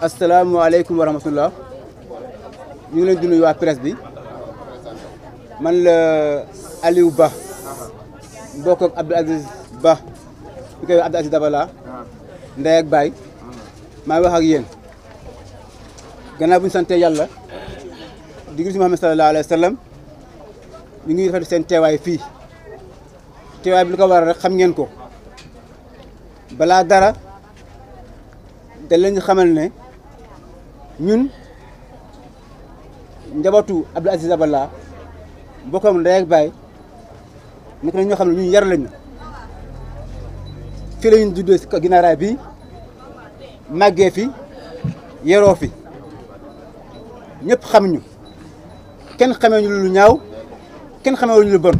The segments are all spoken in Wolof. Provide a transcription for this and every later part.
asalaamaaleykum wa rahmatullah ñu ngi leen di nuyu waa bi man la Aliou Ba mbokk ak Abdou Aziz Ba ñu koy wax Aziz Dabala ndey ak baay maa ngi wax ak yéen gannaaw bu ñu sante yàlla di gis Muhammad sallallahu alayhi wa sallam ñu ngi rafetlu seen teewaay fii teewaay bi lu ko waral rek xam ngeen ko balaa dara. da leen xamal ne ñun njabatu Abdou Aziz Dabala bokkam ndey ak nekk na ñoo xam ne ñun yar lañu fii la ñu juddoo si ginnaaraay bi màggee fi yeroo fi ñépp xam ñu kenn xamee ñu lu ñaaw kenn xamee ñu lu bon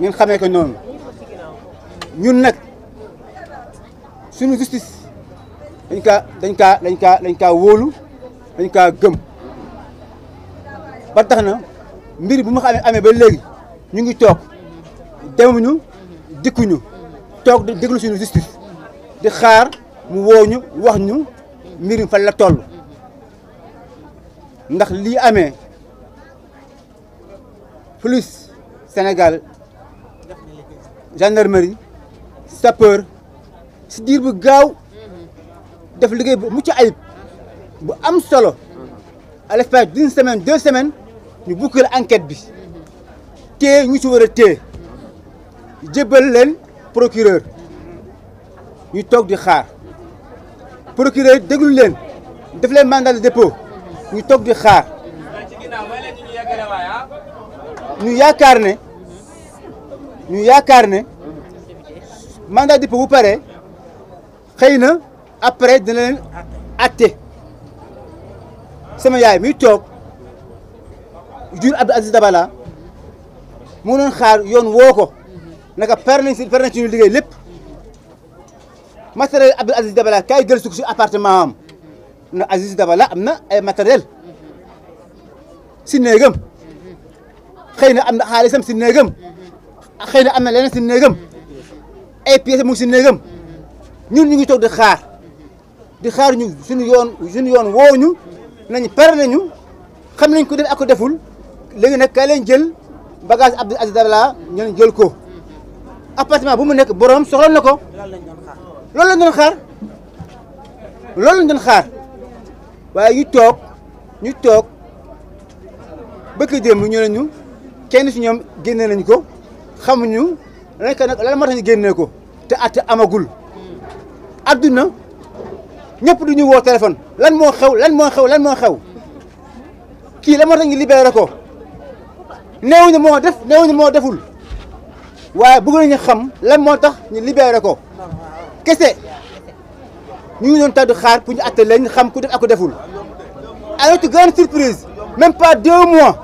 ngeen xamee ko noonu ñun nag. suñu justice dañ kaa dañ kaa dañ kaa dañ kaa wóolu dañ ka gëm ba tax na mbir bu ma amee ba léegi ñu ngi toog demuñu dikkuñu toog di déglu suñu justice di xaar mu wooñu wax ñu mbir fan la toll ndax lii amee police Sénégal gendarmerie sapeur si diir bu gaaw def liggéey bu mucc ayib bu am solo à l'espace d'une semaine deux semaines ñu boucler enquête bi téye ñu si war a téye jébbal leen procureur ñu toog di xaar procureur déglu leen def leen mandat de dépôt ñu toog di xaar ñu yaakaar ne ñu yaakaar ne mandat de dépôt bu pare. xëy na après dina leen atte sama yaay mi toog jur Abdou Aziz Dabala mu doon xaar yoon woo ko naka per nañ si per nañ liggéey lépp matériel Abdou Aziz Dabala kaay gël suk si appartement am na Aziz Dabala am na ay matériel si néegam xëy na am na xaalisam si néegam xëy na am na leneen si néegam ay mu si néegam ñun ñu ngi toog di xaar di xaar ñu suñu yoon suñu yoon woo ñu nañ pare nañu xam nañ ko def ako deful léegi nag kaay leen jël bagage Abdou Aziz Dabala ñu jël ko appartement bu mu nekk borom soxla na ko loolu lañ doon xaar loolu lañ doon xaar waaye ñu toog ñu toog bëgg démb ñu ne ñu kenn si ñoom génne nañ ko xamuñu lan nag lan moo tax ko te at amagul. adduna ñépp du ñu woo téléphone lan moo xew lan moo xew lan moo xew kii la moo tax ñu libéré ko néew ñu moo def néew moo deful waaye bëgg nañu xam lan moo tax ñu libeere ko kese ñu ngi doon tàddu xaar pour ñu atte leen xam ku def ak ku deful. à notre grande surprise même pas deux mois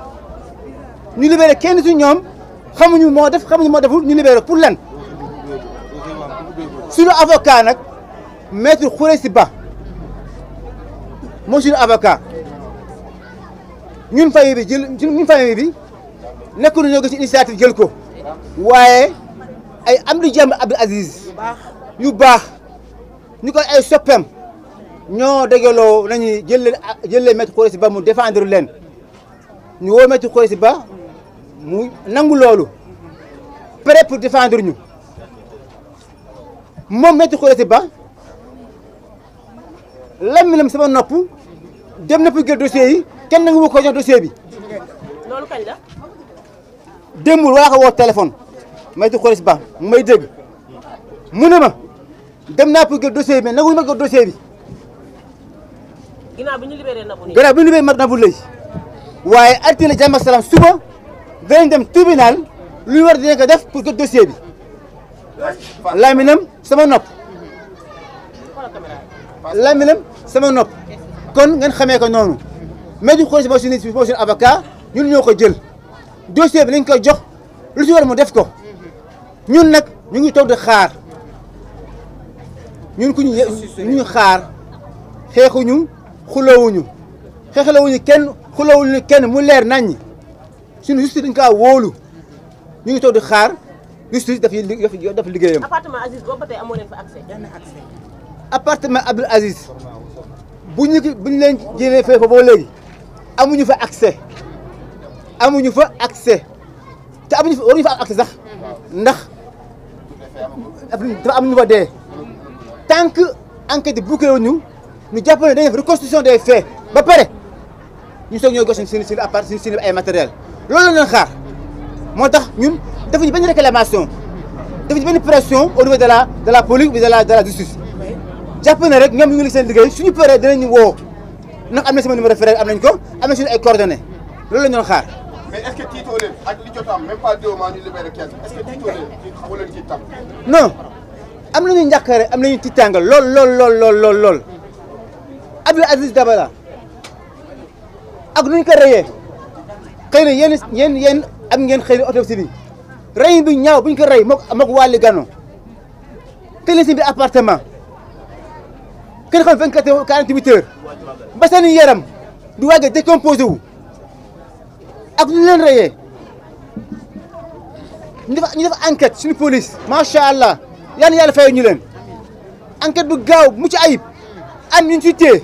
ñu libéré kenn su ñoom xamuñu moo def xamuñu moo deful ñu libéré pour lan suñu avocat nag. Maître si Ba monsieur avocat ñun famille bi jël ñun famille bi nekkul ñoo si initiative jël ko waaye ay am di jàmm Abdou Aziz yu baax ñu ko ay soppeem ñoo dégeloo nañu jël leen jël leen Maître Ba mu défendre leen ñu woo Maître si Ba mu nangu loolu prêt pour défendre ñu moom Maître Khoureyssi Ba lamminam sama nopp dem na pour jël dossier yi kenn nangu ko jox dossier bi. loolu kañ la. démbul ko woo téléphone may di xool si may dégg mu ne ma dem naa pour jël dossier bi mais nanguñu ma jël dossier bi. ginnaaw bi ñu libéré Nabou Leye ginnaaw waaye altine jàmm ak salaam suba danañ dem tribunal lu war dinañ ko def pour jot dossier bi. laaminam sama nopp. laminam sama nopp kon ngeen xamee ko noonu Maître Khoureyssi Ba suñu moo suñu avocat ñun ñoo ko jël dossier bi lañ koy jox lu ci war mu def ko ñun nag ñu ngi toog di xaar ñun ku ñu ñu xaar xeexuñu xulawuñu xeexlawuñu kenn xulawuñu kenn mu leer naññ suñu justice dañ kaa wóolu ñu ngi toog di xaar justice daf daf liggéeyam. appartement Aziz boobu ba tey amoo leen fa accès. benn accès. appartement Abdoul Aziz bu ñu bu ñu leen jëlee fee fa ba léegi amuñu fa accès amuñu fa accès te amuñu fa waruñu fa am accès sax ndax dafa am ñu fa dee tant que enquête bouclée wu ñu ñu jàpp ne dañuy def reconstitution des faits ba pare ñu soog ñoo gis seen seen appart seen seen ay matériel loolu la xaar moo tax ñun defuñu benn réclamation defuñu benn pression au niveau de la de la police la de la justice. jàpp ne rek ñoom ñu ngi seen liggéey suñu paree dinañu woo ndax am na sama numéro frère am nañ ko am na ay coordonnées loolu la ñu doon xaar. mais est-ce que tiitoo leen am na pas deux mois ñu ci tam. lool lool lool lool lool lool Abdou Aziz Dabala ak nuñ ko reyee xëy na yéen yéen yéen am ngeen xëy na autopsie bi rey bi ñaaw buñ ko rey moog moog wàllu gano tële si biir appartement. kenn xam 24 heures 48 heures ba seen yaram du waaj a décomposé wu ak ñu leen reyee ñu def ñu def police macha allah yal na yàlla fayal ñu leen enquête bu gaaw mu ci ayib am ñu ci téye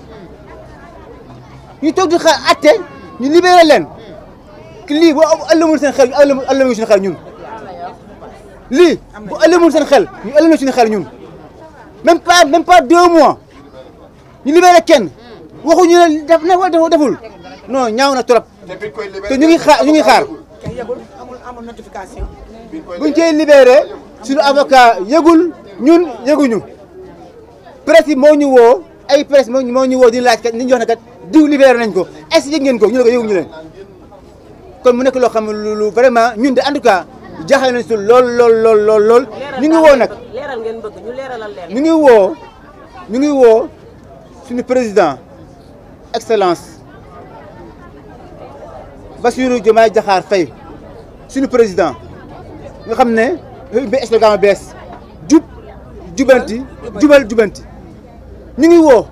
ñu toog di xaar atte ñu libéré leen que lii boo ëllëmul seen xel ñu ëllëmul ëllëmul suñu xel ñun. lii bu seen xel ñu ëllëmul suñu xel ñun même pas même ñu libéré kenn waxuñu ne def na wala deful non ñaaw na trop te ñu ngi xaar ñu ngi xaar buñ koy libéré suñu avocat yëgul ñun yëguñu presse yi moo ñu woo ay presse moo ñu woo di laaj kat li ñu wax ne kat diw libéré nañ ko est ce yëg ngeen ko ñu ne ko yëguñu leen kon mu nekk loo xam ne lu vraiment ñun de en tout cas jaaxal nañ si lool lool lool lool lool ñu ngi woo nag ñu ngi woo ñu ngi woo suñu président excellence Bassirou Diomaye Diakhar Faye suñu président nga xam ne bi slogan bees jub jubanti jubal jubanti ñu ngi woo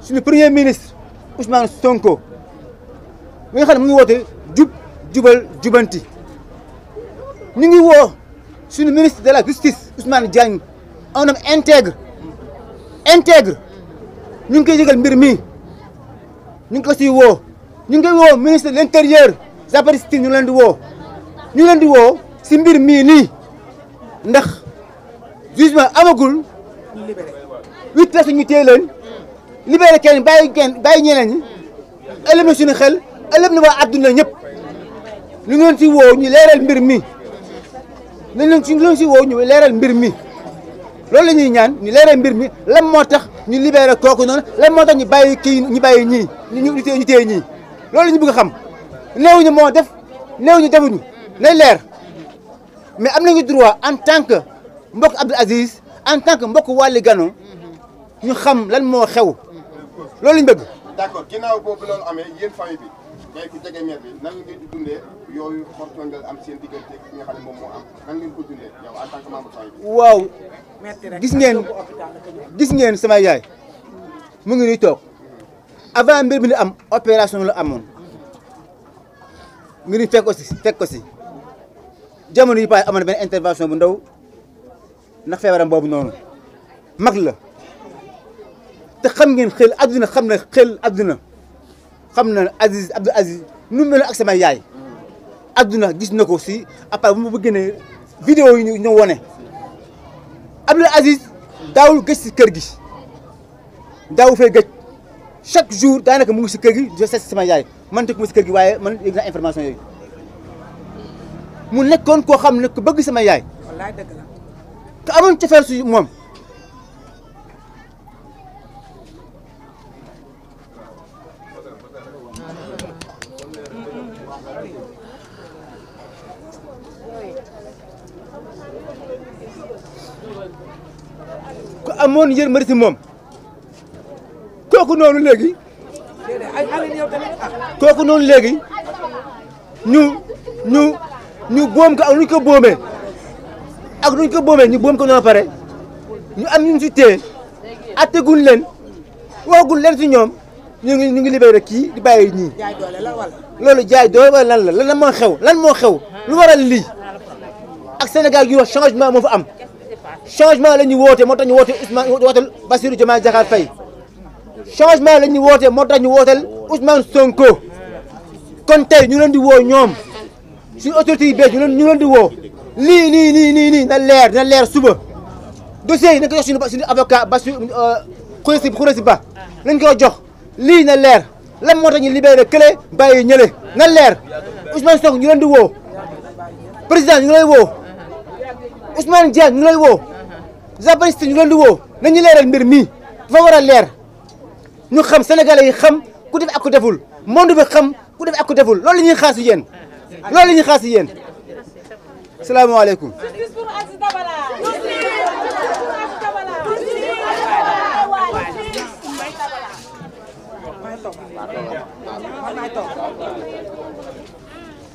suñu premier ministre Ousmane Sonko mi nga xam ne mu ngi woote jub jubal jubanti ñu ngi woo suñu ministre de la justice Ousmane Diagne un homme intègre ñu ngi koy yëgal mbir mi ñu ngi ko siy woo ñu ngi koy woo ministre de l' intérieur Jean-Baptiste Tine ñu leen di woo ñu leen di woo si mbir mii nii ndax jugement amagul huit personnes ñu téye leen libéré kenn bàyyi kenn bàyyi ñeneen ñi xel ëllëg na waa adduna ñëpp ñu ngi si woo ñu leeral mbir mi nañ leen si ñu si woo ñu leeral mbir mi loolu la ñuy ñaan ñu leeral mbir mi lan moo tax ñu libéré kooku noonu lan moo tax ñu bàyyi kii ñu bàyyi ñii ñu ñu téye ñii loolu ñu bëgg a xam néew ñi moo def néew ñi defuñu ne leer mais am nañu droit en tant que mbokk Abdou Aziz en tan que mbokk Waly Gano ñu xam lan moo xew loolu ñu bëgg. d'accord ginnaaw boobu loolu amee tey ku yooyu xortondel am seen diggante ki nga xam ne waaw gis ngeen gis ngeen sama yaay mu ngi nii toog avant mbir mi di am opération la amoon ngi ni fekk ko si fekk ko si jamono yi paay amoon benn intervention bu ndaw ndax feebaram boobu noonu mag la te xam ngeen xel adduna xam na xel adduna. xam na ne Aziz Abdou Aziz nu mu meloon ak sama yaay adduna gis na ko si après bu ma bëggee ne vidéo yi ñu ñu wone Abdou Aziz daawul gëj si kër gi daawu fee gëj chaque jour daanaka mu ngi si kër gi di seet sama yaay man teg ma si kër gi waaye man yëg naa information yooyu mu nekkoon koo xam ne ku bëgg sama yaay. wallaay dëgg la. te amoon moom. amoon yërmande si moom kooku noonu léegi kooku noonu léegi ñu ñu ñu boom ko ak nuñ ko boomee ak nuñ ko boomee ñu boom ko noonu pare ñu am ñu si téye atteguñ leen waxagul leen si ñoom ñu ngi ñu ngi libéré kii di bàyyi ñii. loolu jaay doole wala lan la lan moo xew lan moo xew lu waral lii ak Sénégal gi wax changement moo fa am. changement la ñuy woote moo tax ñu woote Ousmane wootel Bassirou Diomaye Diakhar Faye changement la ñuy woote moo tax ñu wooteel Ousmane Sonko kon tey ñu leen di woo ñoom suñu autorité yi bees ñu leen di woo lii nii nii nii na leer suba dossier yi nañ ko suñu suñu avocat Bassirou euh, Khoureyssi Khoureyssi Ba nañ ko jox lii na leer lan moo tax ñu libéré ba bàyyi ñële na leer Ousmane Sonko ñu leen di woo président ñu ngi lay woo Ousmane Diagne ñu lay woo zapariste ñu leen di woo nañu leeral mbir mii dafa war leer ñu xam sénégalais yi xam ku def ak ku deful monde bi xam ku def ak deful loolu la ñuy xaar si yéen loolu la xaar si yéen salaamaaleykum.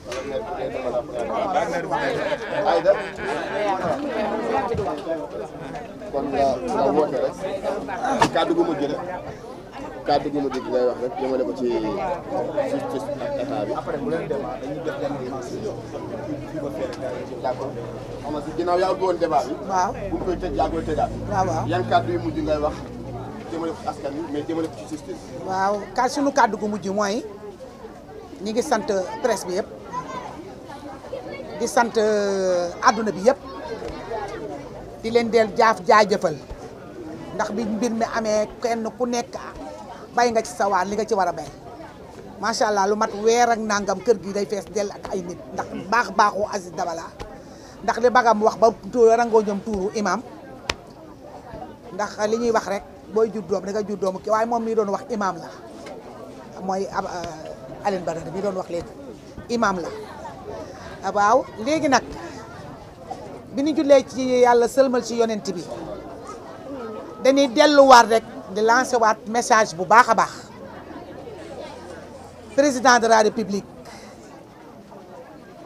Aïda kon nga woote rek kàddu gu mujj rek kàddu gu mujj gi ngay wax rek jëmale ko ci justice ak état bi. dañuy def benn d'accord xam nga si ginnaaw yaa bëggoon débat waaw yan kàddu yu mujj ngay wax jëmale ko askan wi mais jëmale ci waaw ka sunu kàddu gu mujj mooy ñi ngi sant presse bi yëpp. di sant àdduna euh, bi yëpp di leen del jaaf jaajëfal ndax bi mbir mi amee kenn ku nekk bay nga ci sa waar li nga ci war a bay macha allah lu mat weer ak nangam kër gi day fees dell ak ay nit ndax baax baaxu Aziz dabalaa ndax li bagam wax ba rangoo ñoom tuuru imam ndax li ñuy wax rek booy juddoom da nga juddoomu ki waaye moom mi doon wax imam la mooy euh, Alioune Badara mi doon wax léegi imam la Ah, waaw léegi nag bi ñu jullee ci yàlla sëlmal ci yonent bi dañuy delluwaat rek di lancer waat message bu baax a baax président de la république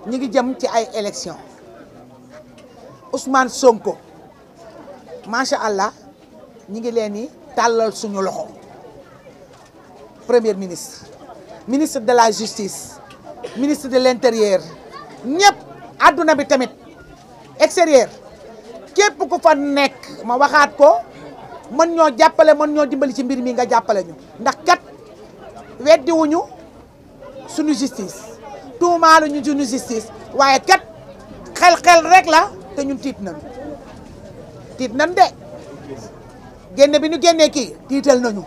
ñi ngi jëm ci ay élections Ousmane Sonko macha allah ñi ngi leen di tàllal suñu loxo premier ministre ministre de la justice ministre de l'intérieur ñëpp àdduna bi tamit extérieur képp ku fa nekk ma waxaat ko mën ñoo jàppale mën ñoo dimbali ci mbir mi nga jàppale ñu ndax kat weddiwuñu suñu justice tuumaalu ñu suñu justice waaye kat xel-xel rek la te ñun tiit nañu tiit nañ de génn bi ñu génnee kii tiital nañu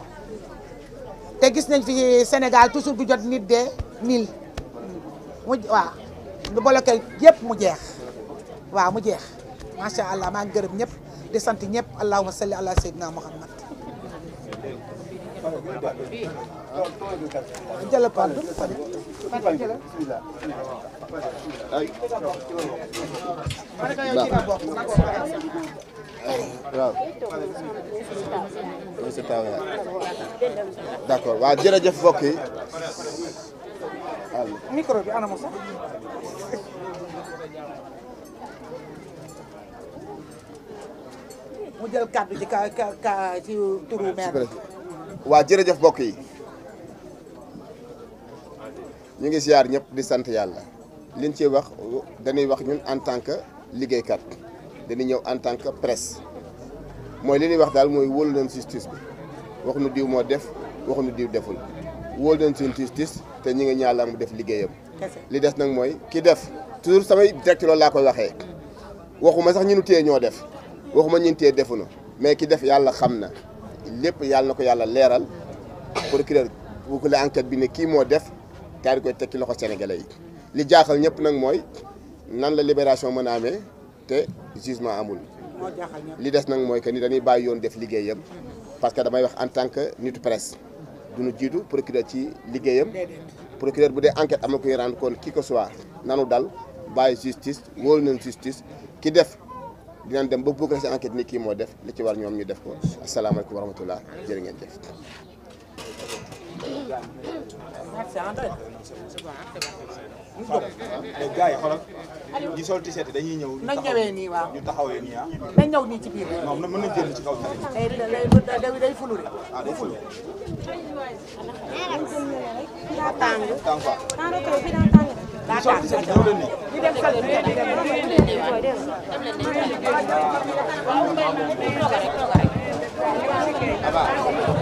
te gis nañ fi Sénégal toujours du jot nit de mille mu lu bloqué yëpp mu jeex waaw mu jeex macha allah maa ngi gërëm ñëpp di sant ñëpp allahumma salli ala sayyidina muhammad jël paal du waaw d'accord waaw jërëjëf mbokk yi micro ana mo mu jël kàddu ci ka ka ka ci turu maire waa jërëjëf mbokk yi ñu ngi ziar ñëpp di sant yàlla liñ ci wax dañuy wax ñun en tant que liggéeykat dañuy ñëw en tant que presse mooy li ñuy wax daal mooy wóolu nañ justice bi wax nu diw moo def wax nu diw deful wool wóolu nañ suñ justice te ñu ngi ñaala mu def liggéeyam li des nag mooy ki def toujours samay direct loolu laa koy waxee waxuma sax ñu nu téye ñoo def waxuma ñeentee defu na mais ki def yàlla xam na lépp yàlla na ko yàlla leeral procureur bu ko la enquête bi ne kii moo def kaa di koy tekki loxo sénégalais yi li jaaxal ñëpp nag mooy nan la libération mën a amee te jugement amul li des nag mooy que ni dañuy bàyyi yoon def liggéeyam parce que damay wax en tant que nitu presse duñu jiitu procureur ci liggéeyam procureur bu dee enquête am na koy rendre compte qui que soit nanu dal bàyyi justice wóolu nañ justice ki def dinañ dem ba bokk na si enquête ni kii moo def li ci war ñoom ñu def ko asalaamaaleykum wa rahmatulah jërë ngeen jëf. gars yi xoolal ñi sol t-shirt dañuy ñëw. nañ ñëwee nii waaw ñu taxawee nii ah. nañ ñëw nii ci biir. non mën nañ jël ci kaw tali. day day fulu de. ah day fulu. daa tàng. tàng quoi. daa tàng. Thank you.